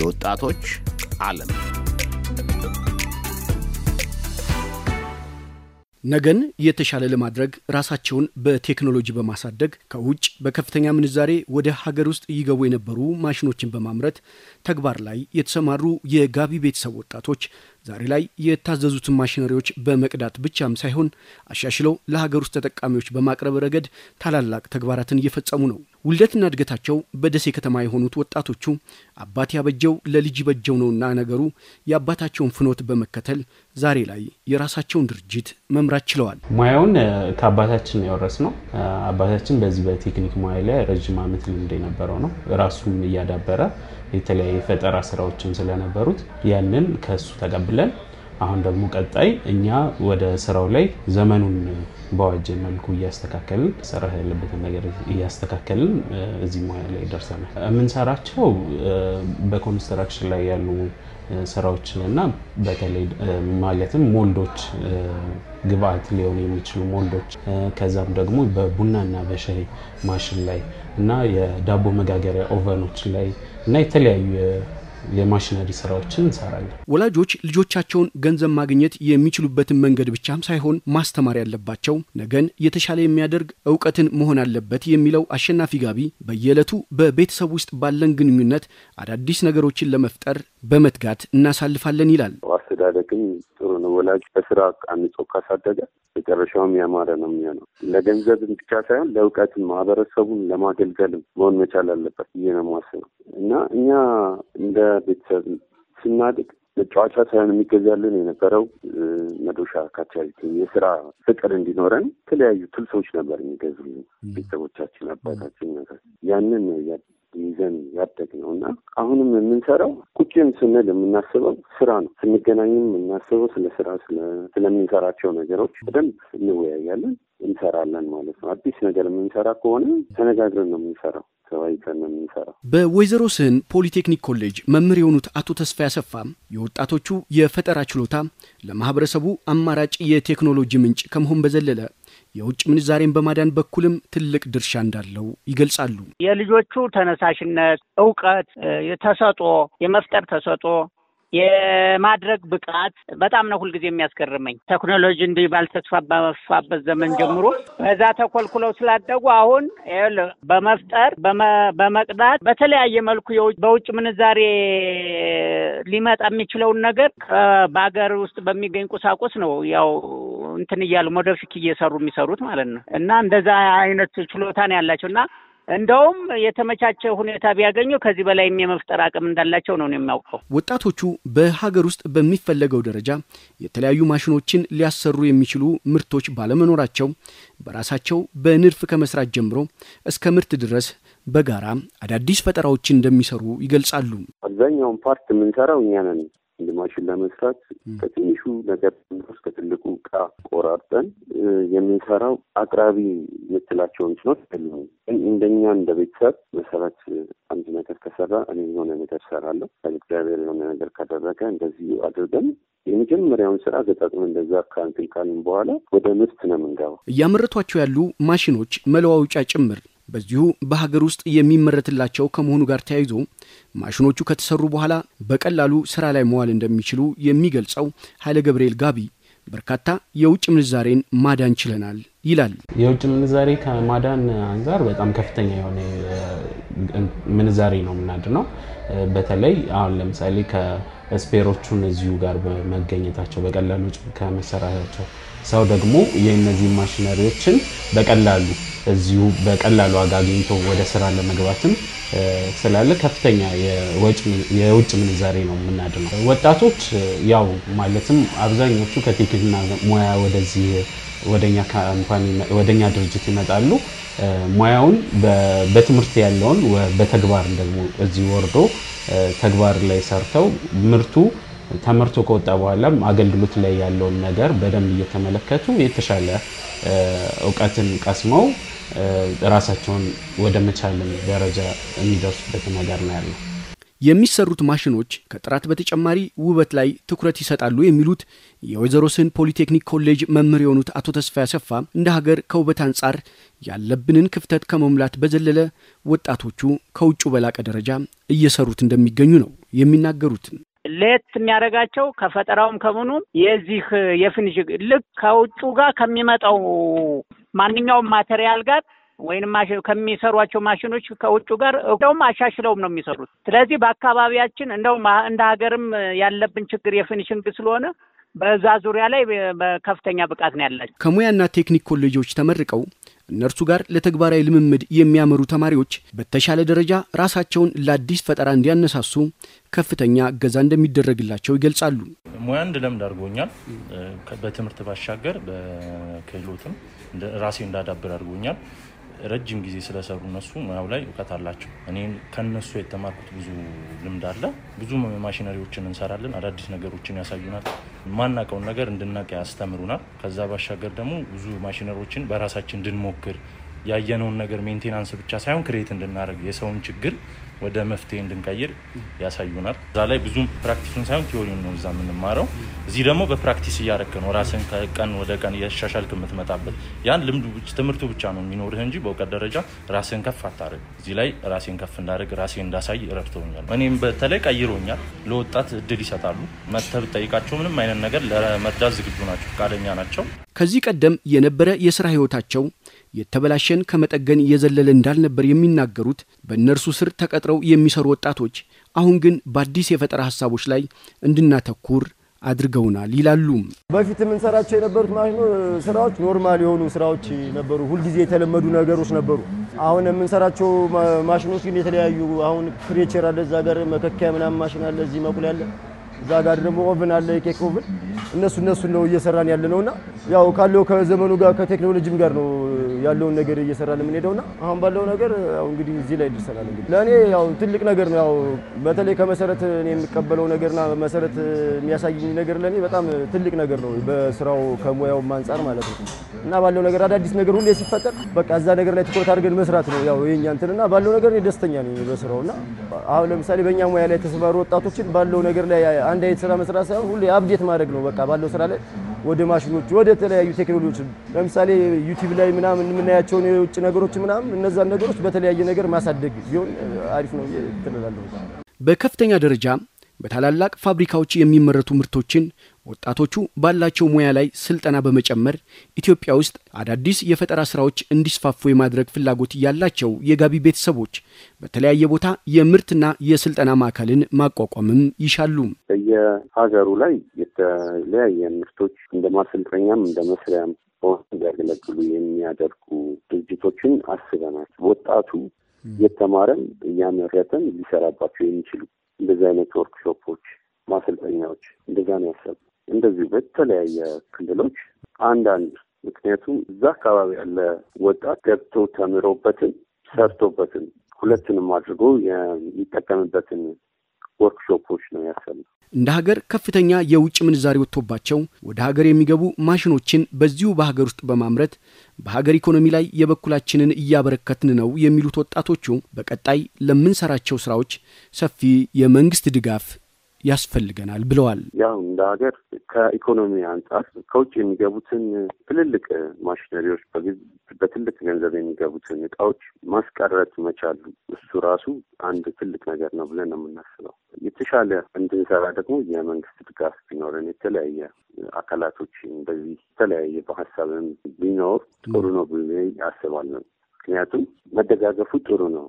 የወጣቶች ዓለም ነገን የተሻለ ለማድረግ ራሳቸውን በቴክኖሎጂ በማሳደግ ከውጭ በከፍተኛ ምንዛሬ ወደ ሀገር ውስጥ ይገቡ የነበሩ ማሽኖችን በማምረት ተግባር ላይ የተሰማሩ የጋቢ ቤተሰብ ወጣቶች ዛሬ ላይ የታዘዙትን ማሽነሪዎች በመቅዳት ብቻም ሳይሆን አሻሽለው ለሀገር ውስጥ ተጠቃሚዎች በማቅረብ ረገድ ታላላቅ ተግባራትን እየፈጸሙ ነው። ውልደትና እድገታቸው በደሴ ከተማ የሆኑት ወጣቶቹ አባት ያበጀው ለልጅ በጀው ነውና ነገሩ የአባታቸውን ፍኖት በመከተል ዛሬ ላይ የራሳቸውን ድርጅት መምራት ችለዋል። ሙያውን ከአባታችን የወረስ ነው። አባታችን በዚህ በቴክኒክ ሙያ ላይ ረዥም ዓመት ልምድ የነበረው ነው። ራሱን እያዳበረ የተለያዩ የፈጠራ ስራዎችም ስለነበሩት ያንን ከሱ ተቀብለን አሁን ደግሞ ቀጣይ እኛ ወደ ስራው ላይ ዘመኑን በዋጀ መልኩ እያስተካከልን ሰራህ ያለበትን ነገር እያስተካከልን እዚህ ሙያ ላይ ደርሰናል። የምንሰራቸው በኮንስትራክሽን ላይ ያሉ ስራዎችን እና በተለይ ማለትም ሞልዶች ግብአት ሊሆኑ የሚችሉ ሞልዶች፣ ከዛም ደግሞ በቡናና በሻይ ማሽን ላይ እና የዳቦ መጋገሪያ ኦቨኖች ላይ እና የተለያዩ የማሽነሪ ስራዎችን እንሰራለን። ወላጆች ልጆቻቸውን ገንዘብ ማግኘት የሚችሉበትን መንገድ ብቻም ሳይሆን ማስተማር ያለባቸው ነገን የተሻለ የሚያደርግ እውቀትን መሆን አለበት የሚለው አሸናፊ ጋቢ በየዕለቱ በቤተሰብ ውስጥ ባለን ግንኙነት አዳዲስ ነገሮችን ለመፍጠር በመትጋት እናሳልፋለን ይላል። አስተዳደግም ጥሩ ነው። ወላጅ በስራ አንጾ ካሳደገ መጨረሻውም ያማረ ነው የሚሆነው። ለገንዘብም ብቻ ሳይሆን ለእውቀትም ማህበረሰቡን ለማገልገልም መሆን መቻል አለበት ብዬ ነው የማስበው እና እኛ እንደ ቤተሰብ ስናድግ መጫወቻ ሳይሆን የሚገዛልን የነበረው መዶሻ፣ ካቻሪቲ፣ የስራ ፍቅር እንዲኖረን የተለያዩ ትልሶች ነበር የሚገዙልን ቤተሰቦቻችን፣ አባታችን ነገር ያንን ይዘን ነው እና አሁንም የምንሰራው ቁጭም ስንል የምናስበው ስራ ነው። ስንገናኝም የምናስበው ስለ ስራ ስለምንሰራቸው ነገሮች በደንብ እንወያያለን፣ እንሰራለን ማለት ነው። አዲስ ነገር የምንሰራ ከሆነ ተነጋግረን ነው የምንሰራው። በወይዘሮ ስህን ፖሊቴክኒክ ኮሌጅ መምህር የሆኑት አቶ ተስፋ ያሰፋ የወጣቶቹ የፈጠራ ችሎታ ለማህበረሰቡ አማራጭ የቴክኖሎጂ ምንጭ ከመሆን በዘለለ የውጭ ምንዛሬን በማዳን በኩልም ትልቅ ድርሻ እንዳለው ይገልጻሉ። የልጆቹ ተነሳሽነት፣ እውቀት፣ ተሰጦ፣ የመፍጠር ተሰጦ የማድረግ ብቃት በጣም ነው ሁልጊዜ የሚያስገርመኝ። ቴክኖሎጂ እንዲህ ባልተስፋፋበት ዘመን ጀምሮ በዛ ተኮልኩለው ስላደጉ አሁን በመፍጠር በመቅዳት በተለያየ መልኩ በውጭ ምንዛሬ ሊመጣ የሚችለውን ነገር በሀገር ውስጥ በሚገኝ ቁሳቁስ ነው ያው እንትን እያሉ ሞደብ እየሰሩ የሚሰሩት ማለት ነው። እና እንደዛ አይነት ነው ያላቸው እና እንደውም የተመቻቸ ሁኔታ ቢያገኙ ከዚህ በላይም የመፍጠር አቅም እንዳላቸው ነው የሚያውቀው። ወጣቶቹ በሀገር ውስጥ በሚፈለገው ደረጃ የተለያዩ ማሽኖችን ሊያሰሩ የሚችሉ ምርቶች ባለመኖራቸው በራሳቸው በንድፍ ከመስራት ጀምሮ እስከ ምርት ድረስ በጋራ አዳዲስ ፈጠራዎችን እንደሚሰሩ ይገልጻሉ። አብዛኛውን ፓርት የምንሰራው እኛ ነን። ልማሽን ለመስራት ከትንሹ ነገር እስከ ትልቁ እቃ ቆራርጠን የምንሰራው አቅራቢ የምትላቸውን ችሎት አይደለም። ግን እንደኛ እንደ ቤተሰብ መሰረት አንድ ነገር ከሰራ እኔ የሆነ ነገር ሰራለሁ እግዚአብሔር የሆነ ነገር ካደረገ እንደዚህ አድርገን የመጀመሪያውን ስራ ገጣጥሞ እንደዛ ከእንትን ካልን በኋላ ወደ ምርት ነው የምንገባው። እያመረቷቸው ያሉ ማሽኖች መለዋወጫ ጭምር በዚሁ በሀገር ውስጥ የሚመረትላቸው ከመሆኑ ጋር ተያይዞ ማሽኖቹ ከተሰሩ በኋላ በቀላሉ ስራ ላይ መዋል እንደሚችሉ የሚገልጸው ኃይለ ገብርኤል ጋቢ በርካታ የውጭ ምንዛሬን ማዳን ችለናል ይላል። የውጭ ምንዛሬ ከማዳን አንጻር በጣም ከፍተኛ የሆነ ምንዛሬ ነው ነው። በተለይ አሁን ለምሳሌ ከስፔሮቹን እዚሁ ጋር በመገኘታቸው በቀላሉ ከመሰራታቸው ሰው ደግሞ የእነዚህ ማሽነሪዎችን በቀላሉ እዚሁ በቀላሉ ዋጋ አግኝቶ ወደ ስራ ለመግባትም ስላለ ከፍተኛ የውጭ ምንዛሬ ነው የምናድነው። ወጣቶች ያው ማለትም አብዛኞቹ ከቴክና ሙያ ወደዚህ ወደኛ ድርጅት ይመጣሉ። ሙያውን በትምህርት ያለውን በተግባር ደግሞ እዚህ ወርዶ ተግባር ላይ ሰርተው ምርቱ ተመርቶ ከወጣ በኋላም አገልግሎት ላይ ያለውን ነገር በደንብ እየተመለከቱ የተሻለ እውቀትን ቀስመው ራሳቸውን ወደ መቻልን ደረጃ የሚደርሱበት ነገር ነው ያለው። የሚሰሩት ማሽኖች ከጥራት በተጨማሪ ውበት ላይ ትኩረት ይሰጣሉ የሚሉት የወይዘሮ ስህን ፖሊቴክኒክ ኮሌጅ መምህር የሆኑት አቶ ተስፋ ያሰፋ እንደ ሀገር ከውበት አንጻር ያለብንን ክፍተት ከመሙላት በዘለለ ወጣቶቹ ከውጩ በላቀ ደረጃ እየሰሩት እንደሚገኙ ነው የሚናገሩት። ለየት የሚያደርጋቸው ከፈጠራውም ከምኑም የዚህ የፊኒሽ ልክ ከውጩ ጋር ከሚመጣው ማንኛውም ማቴሪያል ጋር ወይም ከሚሰሯቸው ማሽኖች ከውጭ ጋር እንደውም አሻሽለውም ነው የሚሰሩት። ስለዚህ በአካባቢያችን እንደውም እንደ ሀገርም ያለብን ችግር የፊኒሽንግ ስለሆነ በዛ ዙሪያ ላይ በከፍተኛ ብቃት ነው ያላቸው። ከሙያና ቴክኒክ ኮሌጆች ተመርቀው እነርሱ ጋር ለተግባራዊ ልምምድ የሚያመሩ ተማሪዎች በተሻለ ደረጃ ራሳቸውን ለአዲስ ፈጠራ እንዲያነሳሱ ከፍተኛ እገዛ እንደሚደረግላቸው ይገልጻሉ። ሙያ እንድለምድ አድርጎኛል። በትምህርት ባሻገር በክህሎትም ራሴ እንዳዳብር አድርጎኛል። ረጅም ጊዜ ስለሰሩ እነሱ ሙያው ላይ እውቀት አላቸው። እኔም ከነሱ የተማርኩት ብዙ ልምድ አለ። ብዙ ማሽነሪዎችን እንሰራለን። አዳዲስ ነገሮችን ያሳዩናል። የማናውቀውን ነገር እንድናውቅ ያስተምሩናል። ከዛ ባሻገር ደግሞ ብዙ ማሽነሪዎችን በራሳችን እንድንሞክር ያየነውን ነገር ሜንቴናንስ ብቻ ሳይሆን ክሬት እንድናደርግ የሰውን ችግር ወደ መፍትሄ እንድንቀይር ያሳዩናል። እዛ ላይ ብዙ ፕራክቲሱን ሳይሆን ቲዮሪውን ነው እዛ የምንማረው። እዚህ ደግሞ በፕራክቲስ እያረክ ነው ራስን ከቀን ወደ ቀን እያሻሻልክ የምትመጣበት። ያን ልምዱ ትምህርቱ ብቻ ነው የሚኖርህ እንጂ በእውቀት ደረጃ ራስን ከፍ አታደርግ። እዚህ ላይ ራሴን ከፍ እንዳደርግ ራሴን እንዳሳይ ረድተውኛል። እኔም በተለይ ቀይሮኛል። ለወጣት እድል ይሰጣሉ። መተህ ጠይቃቸው ምንም አይነት ነገር ለመርዳት ዝግጁ ናቸው፣ ፈቃደኛ ናቸው። ከዚህ ቀደም የነበረ የስራ ህይወታቸው የተበላሸን ከመጠገን እየዘለለ እንዳልነበር የሚናገሩት በእነርሱ ስር ተቀጥረው የሚሰሩ ወጣቶች አሁን ግን በአዲስ የፈጠራ ሀሳቦች ላይ እንድናተኩር አድርገውናል ይላሉ። በፊት የምንሰራቸው የነበሩት ስራዎች ኖርማል የሆኑ ስራዎች ነበሩ፣ ሁልጊዜ የተለመዱ ነገሮች ነበሩ። አሁን የምንሰራቸው ማሽኖች ግን የተለያዩ አሁን ክሬቸር አለ፣ እዛ ጋር መከኪያ ምናምን ማሽን አለ፣ እዚህ መቁል ያለ እዛ ጋር ደግሞ ኦቭን አለ፣ ኬክ ኦቭን እነሱ እነሱን ነው እየሰራን ያለ ነውና ያው ካለው ከዘመኑ ጋር ከቴክኖሎጂም ጋር ነው ያለውን ነገር እየሰራን የምንሄደውና አሁን ባለው ነገር ያው እንግዲህ እዚህ ላይ ደርሰናል። እንግዲህ ለእኔ ያው ትልቅ ነገር ነው። ያው በተለይ ከመሰረት እኔ የምቀበለው ነገርና መሰረት የሚያሳይኝ ነገር ለእኔ በጣም ትልቅ ነገር ነው፣ በስራው ከሙያው አንጻር ማለት ነው እና ባለው ነገር አዳዲስ ነገር ሁሌ ሲፈጠር በቃ እዛ ነገር ላይ ትኩረት አድርገን መስራት ነው ያው የኛ እንትን እና ባለው ነገር እኔ ደስተኛ ነኝ በስራው እና አሁን ለምሳሌ በእኛ ሙያ ላይ የተሰማሩ ወጣቶችን ባለው ነገር ላይ አንድ አይነት ስራ መስራት ሳይሆን ሁሌ አብዴት ማድረግ ነው በቃ በቃ ባለው ስራ ላይ ወደ ማሽኖች ወደ ተለያዩ ቴክኖሎጂዎች ለምሳሌ ዩቲዩብ ላይ ምናምን የምናያቸውን የውጭ ነገሮች ምናምን እነዛን ነገሮች በተለያየ ነገር ማሳደግ ቢሆን አሪፍ ነው ትላለሁ። በከፍተኛ ደረጃ በታላላቅ ፋብሪካዎች የሚመረቱ ምርቶችን ወጣቶቹ ባላቸው ሙያ ላይ ስልጠና በመጨመር ኢትዮጵያ ውስጥ አዳዲስ የፈጠራ ስራዎች እንዲስፋፉ የማድረግ ፍላጎት ያላቸው የጋቢ ቤተሰቦች በተለያየ ቦታ የምርትና የስልጠና ማዕከልን ማቋቋምም ይሻሉ። በየሀገሩ ላይ የተለያየ ምርቶች እንደ ማሰልጠኛም እንደ መስሪያም እንዲያገለግሉ የሚያደርጉ ድርጅቶችን አስበናል። ወጣቱ የተማረን እያመረተን ሊሰራባቸው የሚችሉ እንደዚህ አይነት ወርክሾፖች፣ ማሰልጠኛዎች እንደዛ ነው ያሰቡ እንደዚሁ በተለያየ ክልሎች አንዳንድ ምክንያቱም እዛ አካባቢ ያለ ወጣት ገብቶ ተምሮበትን ሰርቶበትን ሁለትንም አድርጎ የሚጠቀምበትን ወርክሾፖች ነው ያሰሉ። እንደ ሀገር ከፍተኛ የውጭ ምንዛሪ ወጥቶባቸው ወደ ሀገር የሚገቡ ማሽኖችን በዚሁ በሀገር ውስጥ በማምረት በሀገር ኢኮኖሚ ላይ የበኩላችንን እያበረከትን ነው የሚሉት ወጣቶቹ በቀጣይ ለምንሰራቸው ስራዎች ሰፊ የመንግስት ድጋፍ ያስፈልገናል ብለዋል። ያው እንደ ሀገር ከኢኮኖሚ አንጻር ከውጭ የሚገቡትን ትልልቅ ማሽነሪዎች፣ በትልቅ ገንዘብ የሚገቡትን እቃዎች ማስቀረት መቻሉ እሱ ራሱ አንድ ትልቅ ነገር ነው ብለን ነው የምናስበው። የተሻለ እንድንሰራ ደግሞ የመንግስት ድጋፍ ቢኖረን የተለያየ አካላቶች በዚህ የተለያየ በሀሳብም ቢኖር ጥሩ ነው ብዬ አስባለሁ። ምክንያቱም መደጋገፉ ጥሩ ነው።